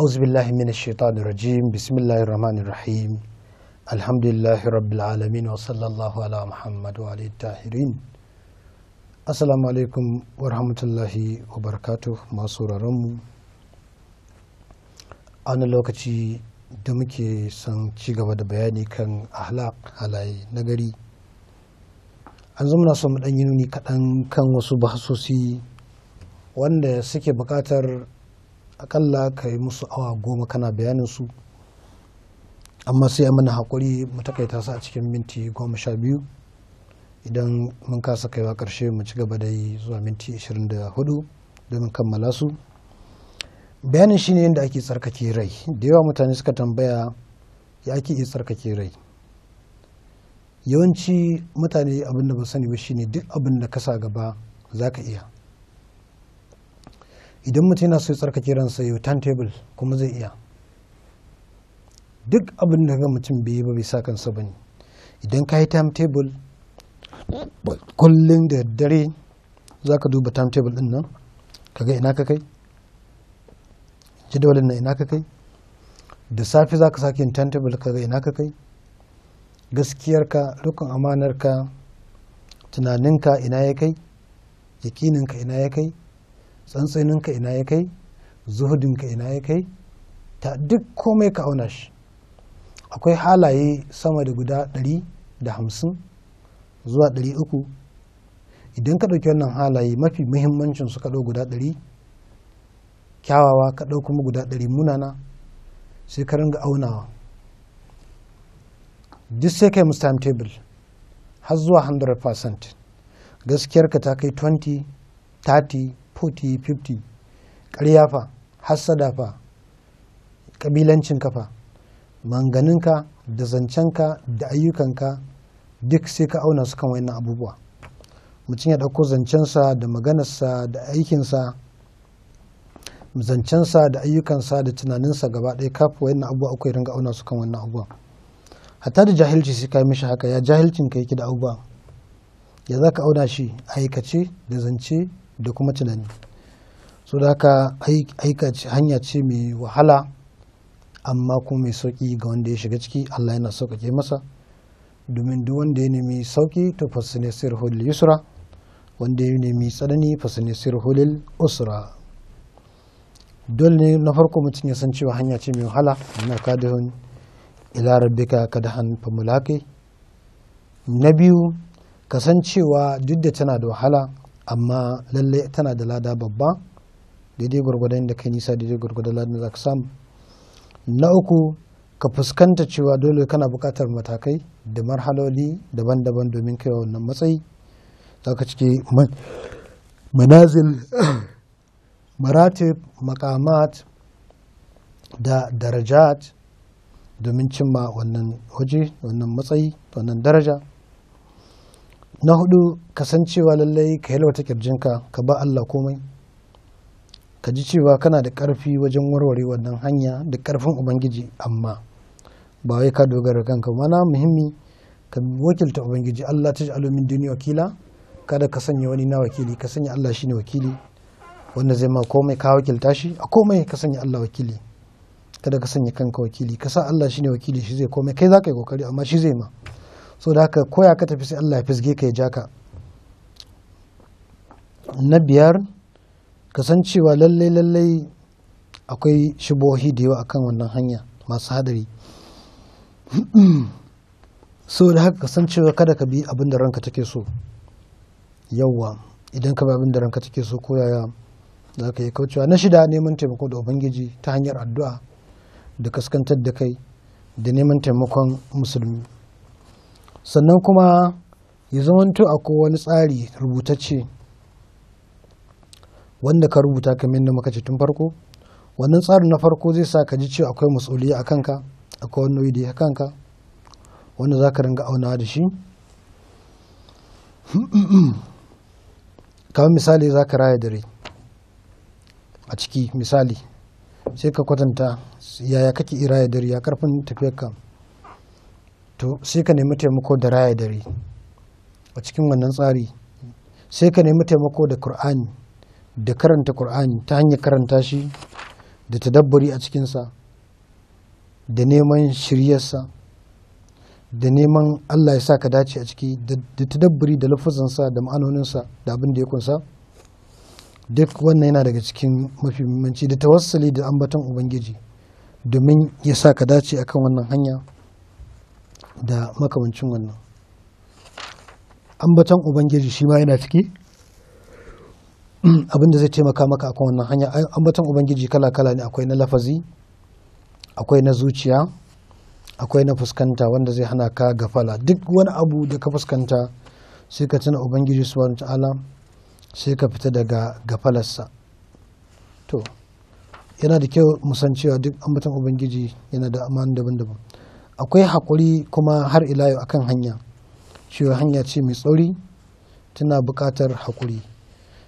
أعوذ بالله من الشيطان الرجيم بسم الله الرحمن الرحيم الحمد لله wa العالمين وصلى الله على محمد وعلى الطاهرين السلام عليكم ورحمة الله وبركاته ما sauraronmu a lokaci da muke son ci gaba da bayani kan ahlak halaye nagari an zo muna so mu ɗan yi kaɗan kan wasu bahasosi wanda suke buƙatar akalla ka yi musu awa goma kana bayanin su amma sai ya mana haƙuri mu takaita su a cikin minti goma sha biyu idan mun kasa kai wa ƙarshe mu ci gaba da yi zuwa minti ashirin da hudu domin kammala su bayanin shi ne yadda ake tsarkake rai da yawa mutane suka tambaya ya ake iya tsarkake rai yawanci mutane abin da ba sani ba shine duk abin da ka sa gaba za ka iya idan mutum yana so ya tsarkake ransa ya table kuma zai iya duk abin da ga mutum bai yi ba bai sa kansa ba ne idan ka yi table kullum da dare za ka duba timetable din nan ka ga ina ka kai jadawalin na ina ka kai da safe za ka sake yin timetable ka ga ina ka kai gaskiyarka rukun amanarka tunaninka ina ya kai yakininka ina ya kai tsantsaninka ina ya kai zuhudinka ina ya kai ta duk komai ka auna shi akwai halaye sama da guda ɗari da hamsin zuwa ɗari idan ka ɗauki wannan halaye mafi muhimmancin su ɗau guda ɗari kyawawa ka ɗau kuma guda ɗari munana sai ka ringa aunawa duk sai kai musu timetable har zuwa 100% gaskiyarka ta kai 20 30 40-50 ƙarya fa hassada fa ƙabilancin kafa manganinka da zancenka da ayyukanka duk sai ka auna su kan wannan abubuwa mutum ya ɗauko zancensa da maganarsa da aikinsa zancensa da ayyukansa da tunaninsa gaba ɗaya kafa wayannan abubuwa akwai ringa auna su kan wannan abubuwa hatta da jahilci sai ka mishi haka ya jahilcin ka yake da abubuwa ya za ka auna shi aikace da zance da kuma tunani so da haka aika hanya ce mai wahala amma kuma mai sauƙi ga wanda ya shiga ciki Allah yana sauƙaƙe masa domin duk wanda ya nemi sauƙi to fasine sirhul yusra wanda ya nemi tsanani fasine sirhul usra dole ne na farko mutum ya san cewa hanya ce mai wahala na kadahun ila da kadahan famulakai na biyu kasancewa duk da tana da wahala amma lalle tana da lada babba daidai gwargwadon da kai nisa daidai gwargwadon ladan za ka samu na uku ka fuskanta cewa dole kana bukatar matakai da marhaloli daban-daban domin kai wannan matsayi za ka cike manazil maratib makamat da darajat domin cimma wannan waje wannan matsayi wannan daraja na hudu ka san cewa lallai ka ta kirjinka ka ba Allah komai ka ji cewa kana da ƙarfi wajen warware wannan hanya da ƙarfin ubangiji amma ba wai ka dogara kanka mana muhimmi ka wakilta ubangiji Allah ta ji duniya wakila kada ka sanya wani na wakili ka sanya Allah shine wakili wanda zai ma komai ka wakilta shi a komai ka sanya Allah wakili kada ka sanya kanka wakili ka sa Allah shine wakili shi zai komai kai za ka yi kokari amma shi zai ma so da haka koya ka tafi sai Allah ya fisge ka ya ja ka na biyar kasancewa lallai lallai akwai shibohi da yawa akan wannan hanya masu hadari so da haka kasancewa cewa kada ka bi abin da ranka take so yawwa idan ka bi abin da ranka take so ko yaya za ka yi kaucewa na shida neman taimako da ubangiji ta hanyar addu'a da kaskantar da kai da neman taimakon musulmi sannan kuma ya zamanto akwai wani tsari rubutacce wanda ka rubuta kamar yadda muka ce tun farko wannan tsarin na farko zai sa ka ji cewa akwai matsaloli a kanka akwai wani nauyi da ya kanka wanda za ka ringa aunawa da shi kamar misali za ka raya dare a ciki misali sai ka kwatanta yaya kake iraya dare ya karfin tafiyarka to sai ka nemi taimako da raya dare a cikin wannan tsari sai ka nemi taimako da kur'ani da karanta kur'ani ta hanyar karanta shi da tadabburi a cikinsa da neman shiryarsa da neman allah ya sa ka dace a ciki da tadabburi da lafuzansa da ma'anoninsa da abin da ya kunsa duk wannan yana daga cikin mafi muhimmanci da tawassali da ambaton ubangiji domin ya sa ka dace akan wannan hanya da makamancin wannan ambaton ubangiji shi ma yana ciki abinda zai taimaka maka akan wannan hanya ambaton ubangiji kala-kala ne akwai na lafazi akwai na zuciya akwai na fuskanta wanda zai hana ka gafala duk wani abu da ka fuskanta sai ka tuna ubangiji subhanahu ta'ala sai ka fita daga gafalarsa to yana da kyau musan cewa duk ambaton ubangiji yana da amana daban-daban akwai haƙuri kuma har ila yau akan hanya cewa hanya ce mai tsauri tana buƙatar haƙuri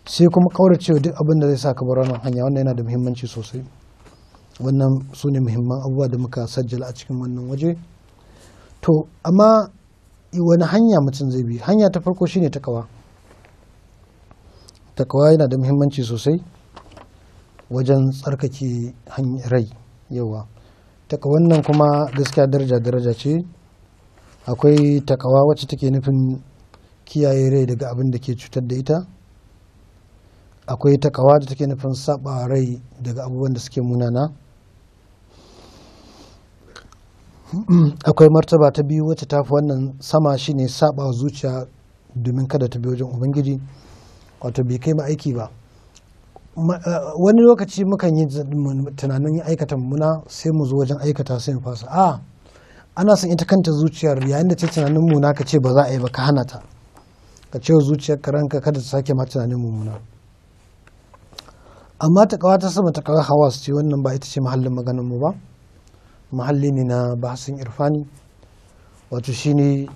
sai kuma ƙauracewa duk abin da zai sa ka bar hanya wannan yana da muhimmanci sosai wannan su ne muhimman abubuwa da muka sajjala a cikin wannan waje to amma wani hanya mutum zai bi hanya ta farko shine takawa takawa yana da muhimmanci sosai wajen tsarkake rai yawa taka wannan kuma gaskiya daraja daraja ce akwai takawa wacce take nufin kiyaye rai daga abin da ke cutar da ita akwai takawa da take nufin saba rai daga abubuwan da suke munana akwai martaba ta biyu wacce ta fi wannan sama shine saba zuciya domin kada ta bi wajen ubangiji wato bai kai ma aiki ba Eh, wani lokaci mukan yi tunanin aikata muna sai mu zo wajen aikata sai mu fasa a ana son ita kanta zuciyar yayin da ce tunanin muna ka ce ba za a yi ba ka hana ta ka ce zuciyar ka ranka kada ta sake ma tunanin muna amma ta kawa ta sama ta kawa hawa su ce wannan ba ita ce mahallin maganin mu ba mahalli ne na bahasin irfani wato shine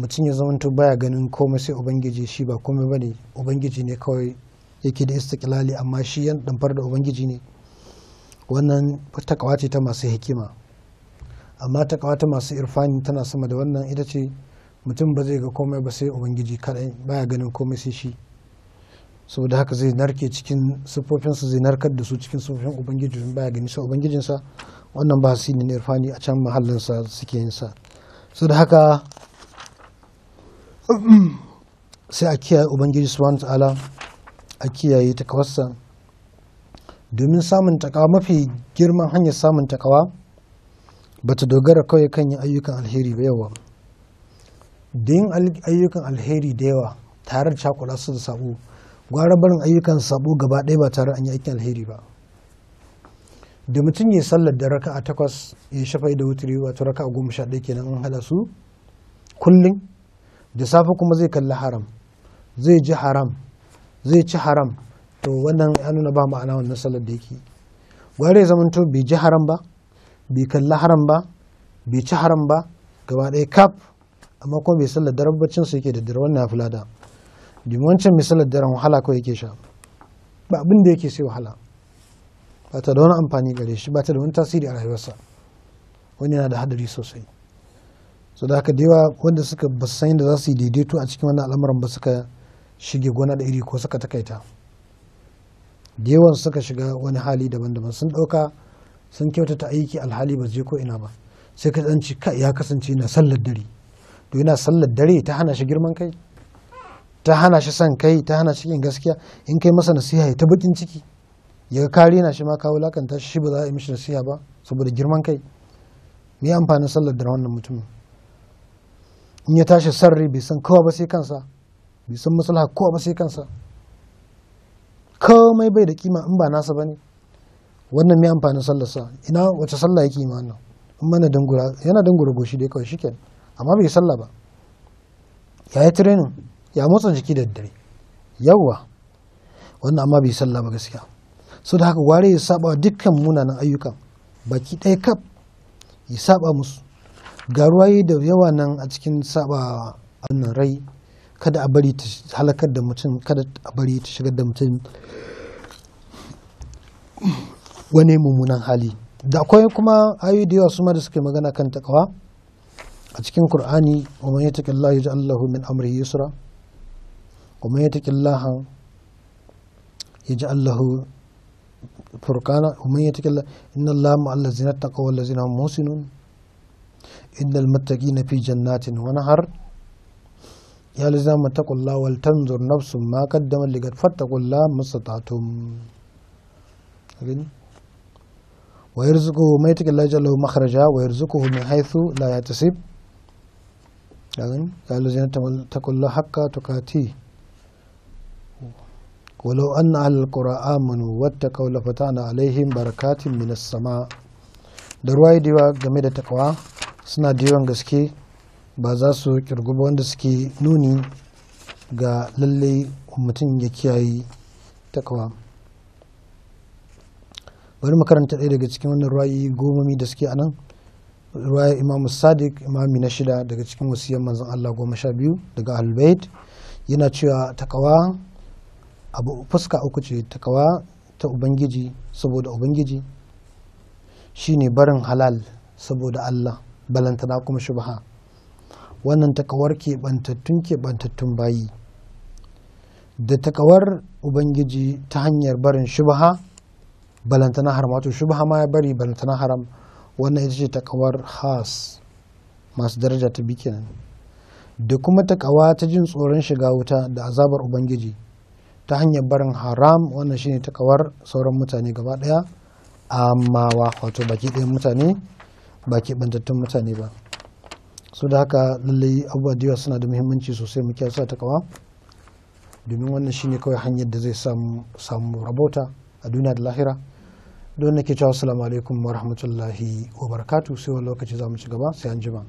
mutum ya zamanto baya ganin komai sai ubangiji shi ba komai ba ne ubangiji ne kawai yake da istiklali amma shi yan damfar da ubangiji ne wannan takawa ce ta masu hikima amma takawa ta masu irfani tana sama da wannan ita ce mutum ba zai ga komai ba sai ubangiji kadai baya ganin komai sai shi saboda haka zai narke cikin siffofinsa zai narkar da su cikin sufofin ubangiji baya gani sai ubangijinsa wannan ba su ne irfani a can mahallinsa suke yin sa saboda haka sai a kiyaye ubangiji subhanahu ta'ala a kiyaye takawarsa domin samun takawa mafi girman hanyar samun takawa ba ta dogara kawai kan yin ayyukan alheri ba yawa da yin ayyukan alheri da yawa tare da cakula su da sabo gwara barin ayyukan sabo gaba ɗaya ba tare an yi aikin alheri ba da mutum ya sallar da raka a takwas ya shafa da wuturi ta raka a goma sha ɗaya kenan an hada su kullum da safe kuma zai kalli haram zai ji haram zai ci haram to wannan ya nuna ba ma'ana wannan salar da yake gware zaman to bai ji haram ba bai kalla haram ba bai ci haram ba gaba ɗaya kaf amma kuma bai sallar daren baccin su yake da dare wannan fila da domin wancan mai sallar daren wahala kawai yake sha ba abin da yake sai wahala ba ta da wani amfani gare shi ba ta da wani tasiri a rayuwarsa wani yana da hadari sosai so da haka da yawa wanda suka basu san yadda za su yi daidaito a cikin wannan al'amuran ba suka shige gona da iri ko suka takaita da yawan suka shiga wani hali daban-daban sun ɗauka sun kyautata aiki alhali ba je ko ina ba sai ka tsanci ka ya kasance na sallar dare to yana sallar dare ta hana shi girman kai ta hana shi son kai ta hana shi yin gaskiya in kai masa nasiha ya ta bakin ciki ya kare na shi ma kawo lakanta shi ba za a yi mishi nasiha ba saboda girman kai me amfanin sallar dare wannan mutumin in ya tashi sarri bai san kowa ba sai kansa bai san maslaha ko ba sai kansa komai bai da kima in ba nasa ba ne. wannan mai amfanin sa. ina wace sallah yake ma wannan in mana dangura yana dangura goshi dai kawai shikenan amma bai sallah ba ya yi training ya motsa jiki da daddare yawwa wannan amma bai sallah ba gaskiya so da haka ware ya saba dukkan munanan ayyukan baki ɗaya kaf ya saba musu ga ruwaye da yawa nan a cikin saba wannan rai kada a bari ta halakar da mutum kada a bari ta shigar da mutum wani mummunan hali da akwai kuma ayoyi da yawa su ma da suke magana kan takawa a cikin qur'ani wa man yattaqillaha yaj'al lahu min amrihi yusra wa man yattaqillaha yaj'al lahu furqana wa man yattaqillaha inna allaha ma allazina taqaw wallazina ladzina muhsinun innal muttaqina fi jannatin wa nahar ya lizamu taqulla wal tanzur nafsun ma qaddamat ligat fattaqulla mastatatum gani wa yarzuquhu mai take la jalla makhraja wa yarzuquhu min haithu la yahtasib gani ya lizamu taqulla haqqa an ولو أن أهل القرى آمنوا واتقوا لفتحنا عليهم بركات من السماء da ruwaye diwa game da takawa suna diwan gaske ba za su kirgu wanda suke nuni ga lalle mutum ya kiyaye takawa bari mu karanta ɗaya daga cikin wannan ra'ayi gomami da suke anan ruwayar imamu sadiq imami na shida daga cikin wasiyar manzon allah goma sha biyu daga albayt yana cewa takawa abu fuska uku ce takawa ta ubangiji saboda ubangiji shine barin halal saboda allah balantana kuma shubha wannan takawar keɓantattun keɓantattun bayi da takawar ubangiji ta hanyar barin shubha balantana haram wato shubha ma ya bari balantana haram wannan ita ce takawar has masu daraja ta bi kenan da kuma takawa ta jin tsoron shiga wuta da azabar ubangiji ta hanyar barin haram wannan shine takawar sauran mutane gaba daya wa wato baki ɗayan mutane baki bantattun mutane ba su da haka lallai abubuwa da suna da muhimmanci sosai muke sa ta kawa domin wannan shine kawai hanyar da zai samu samu rabota a duniya da lahira don nake cewa assalamu alaikum wa rahmatullahi wa barakatu sai wani lokaci za mu ci gaba sai an jima